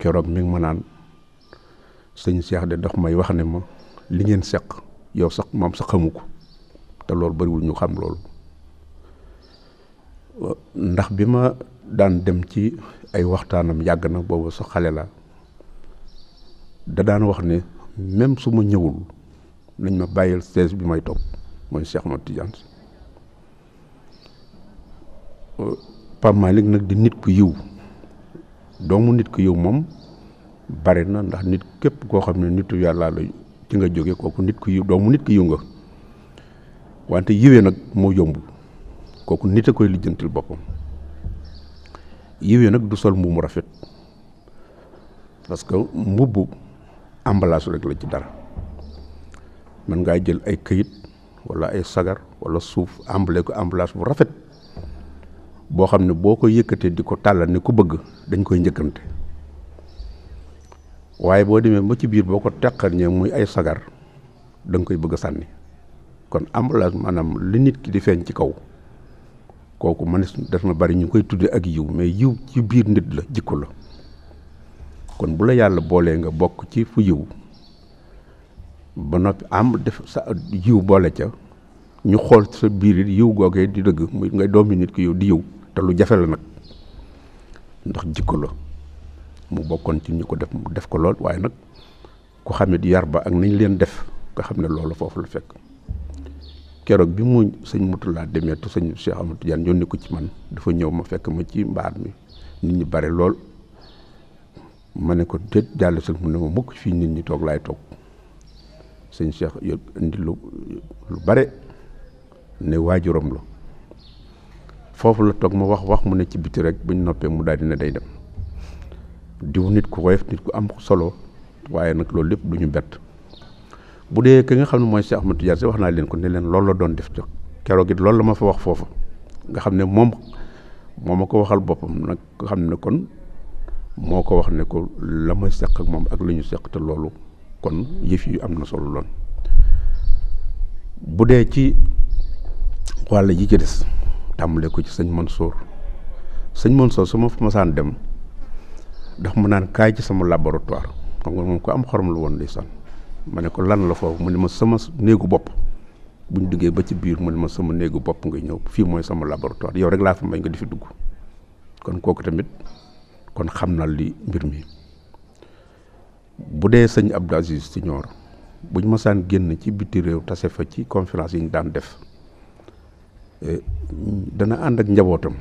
keroog mi ngi ma naan sëñ Cheikh de dox may wax ne ma li ngeen seq yow sax moom sax xamu ko te loolu bariwul ñu xam loolu ndax bi ma daan dem ci ay waxtaanam yàgg na boobu sa xale la da daan wax ne même su ma ñëwul nañ ma bàyyil seize bi may topp mooy Cheikh ma Tidiane Pape Malick nag di nit ku yiw doomu nit ku yiw moom bari na ndax nit képp koo xam ne nitu yàllaa la ci nga jóge kooku nit ku yiw doomu nit ku yiw nga wante yiwee nag moo yombul kooku nit a koy lijjantil boppam yiwee nag du sol mbubb mu rafet parce que mbubb emballage rek la ci dara mën ngaa jël ay këyit wala ay sagar wala suuf emballé ko emballage bu rafet boo xam ne boo ko yëkkatee di ko tàllal ne ku bëgg dañ koy njëkkante waaye boo demee ba ci biir boo ko teqal ñoom muy ay sagar danga koy bëgg a sànni kon emballage maanaam li nit ki di feeñ ci kaw kooku man def na bari ñu koy tuddee ak yiw mais yiw ci biir nit la jikko la kon bu la yàlla boolee nga bokk ci fu yiw ba noppi am def sa yiw boole ca ñu xool sa biir it yiw googee di dëgg muy ngay doomi nit ki yow di yiw te lu jafe la nag ndax jikko la mu bokkoon ci ñu ko def mu def ko lool waaye nag ku xamit yar ba ak nañ leen def nga xam ne loolu foofu la fekk keroog bi mu sëñ Mutulaa demee tu sëñ Cheikh Amadou Tidiane yónni ko ci man dafa ñëw ma fekk ma ci mbaat mi nit ñi bare lool ma ne ko déet jàll sëñ mun ne ma mukk fii nit ñi toog laay toog sëñ Cheikh indi lu lu bare ne waajuram la foofu la toog ma wax wax mu ne ci biti rek buñ noppee mu daal di ne day dem diw nit ku woyof nit ku am solo waaye nag loolu lépp du ñu bett bu dee ki nga xam ne mooy Cheikh Ahmadou Tidiane Sy wax naa leen ko ne leen loolu la doon def ca keroog it loolu la ma fa wax foofu nga xam ne moom moo ma ko waxal boppam nag nga xam ne kon moo ko wax ne ko la seq ak moom ak la ñu seq te loolu kon yëf yi am na solo loon bu dee ci wàll yi ci des tàmbale ko ci sëñ sóor sëñ mën Mansour su ma fa masaan dem. ndax mu naan kaay ci sama laboratoire xam nga moom ko am xorom lu woon di san ma ne ko lan la foofu mu ne ma sama néegu bopp bu duggee ba ci biir mu ne ma sama néegu bopp nga ñëw fii mooy sama laboratoire yow rek laa fa may nga di fi dugg kon kooku tamit kon xam na li mbir mi bu dee sëñ Abdou Aziz si ñoor bu ñu génn ci biti réew tase fa ci conférence yi ñu daan def eh, dana ànd ak njabootam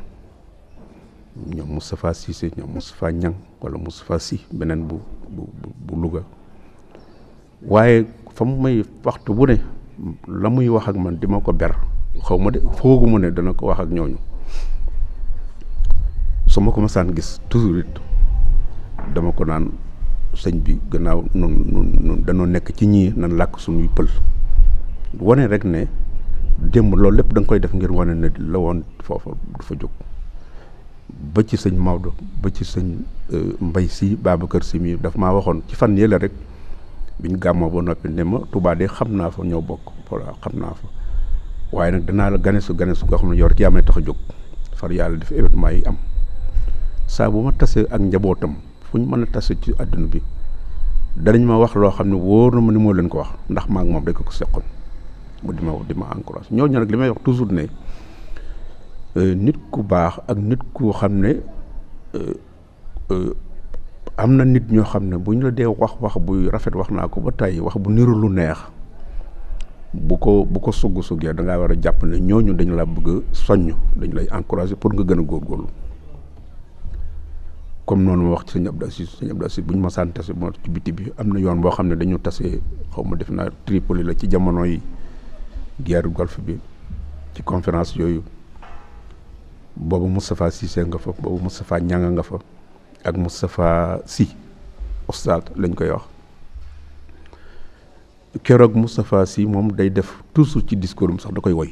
ñoom Moustapha Cissé ñoom Moustapha Niang wala Moustapha Sy beneen bu bu bu Louga waaye fa mu waxtu bu ne la muy wax ak man di ma ko ber xaw ma de foogu mu ne dana ko wax ak ñooñu su ma ko masaan gis toujours it dama ko naan sëñ bi gannaaw nun nun danoo nekk ci ñii nan làkk suñuy pël wane rek ne démb loolu lépp danga koy def ngir wane ne la woon foofa fa jóg ba ci sëñ Maodo ba ci sëñ Mbay sii si kër si mii dafa maa waxoon ci fan yële rek ñu gàmmoo ba noppi ne ma Touba de xam naa fa ñoo bokk voilà xam naa fa waaye nag danaa la ganesu ganesu goo xam ne yow rek yaa may tax jóg far yàlla def événement yi am saa bu ma tasee ak njabootam fu ñu mën a tase ci àdduna bi danañ ma wax loo xam ne wóor na ma ni moo leen ko wax ndax maa moom rek ko seqoon mu di ma wax di ma encourage ñooñu nag li may wax toujours ne. Euh, nit ku baax ak nit koo xam ne euh, euh, am na nit ñoo xam ne bu ñu la dee wax wax buy rafet wax naa ko ba tey wax bu niru lu neex bu ko bu ko sugg suggee da ngaa war a jàpp ne ñooñu dañu la bëgg soññ dañu lay encourager pour nga gën a góorgóorlu comme noonu ma wax ci sëñ Abdou Assis sëñ Abdou Assis bu ñu ma saan tase moo ci biti bi am na yoon boo xam ne dañu tasee xaw ma def naa Tripoli la ci jamono yi guerre bi ci conférence yooyu boobu Moustapha Cissé nga fa boobu Moustapha Ñanga nga fa ak Moustapha Sy Oustad lañ koy wax keroog Moustapha Sy moom day def toujours ci discours am sax da koy woy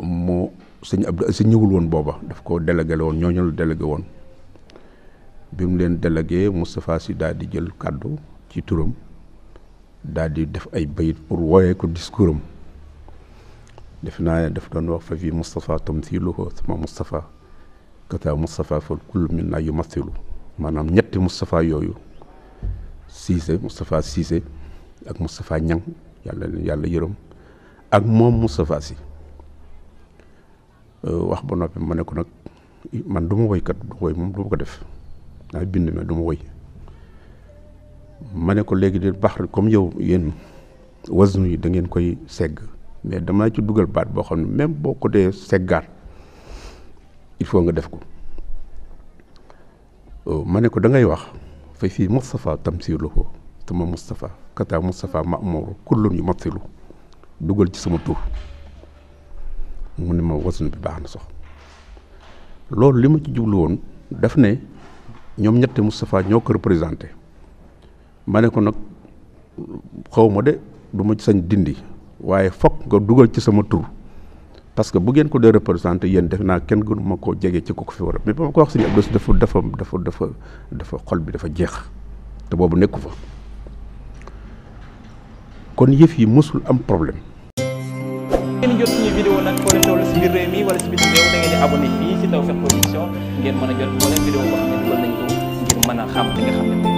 mu sëñ Abdou ñëwul woon booba daf ko délégué woon ñooñu la délégué woon bi mu leen délégué Moustapha Sy daal di jël kàddu ci turam daal di def ay bayit pour wooyee ko discours am def naa def doon wax fa fii Moustapha tamthiluhu sama Moustapha kata Moustapha fa kullu min naa yu mathilu maanaam ñetti Moustapha yooyu Cissé Moustapha Cissé ak Moustapha Ñang yàlla yàlla yërëm ak moom Moustapha si euh, wax ba noppi ma ne ko nag man du ma woykat du woy moom du ko def daa bind ma du woy ma ne ko léegi de baax comme yow yéen waznu yi da ngeen koy segg mais damaa ci dugal baat boo xam ne même boo ko dee seggaat il faut nga def ko euh, ma ne ko da ngay wax fay fii Moustapha tamsilu ko sama Moustapha kata Moustapha Mamour kullun yu matsilu dugal ci sama tur mu ne ma wasun bi baax na sox loolu li ma ci jublu woon daf ne ñoom ñetti Moustapha ñoo ko représenté ma ne ko nag xaw ma de duma ci sañ dindi waaye fokk nga dugal ci sama tur parce que bu ngeen ko dee représenté yéen def naa kenn gënu ma koo jege ci ko ko fi war a ba ma ko wax sëñ Abdou dafa dafa dafa dafa dafa xol bi dafa jeex te boobu nekku fa kon yëf yi mosul am problème. ngeen a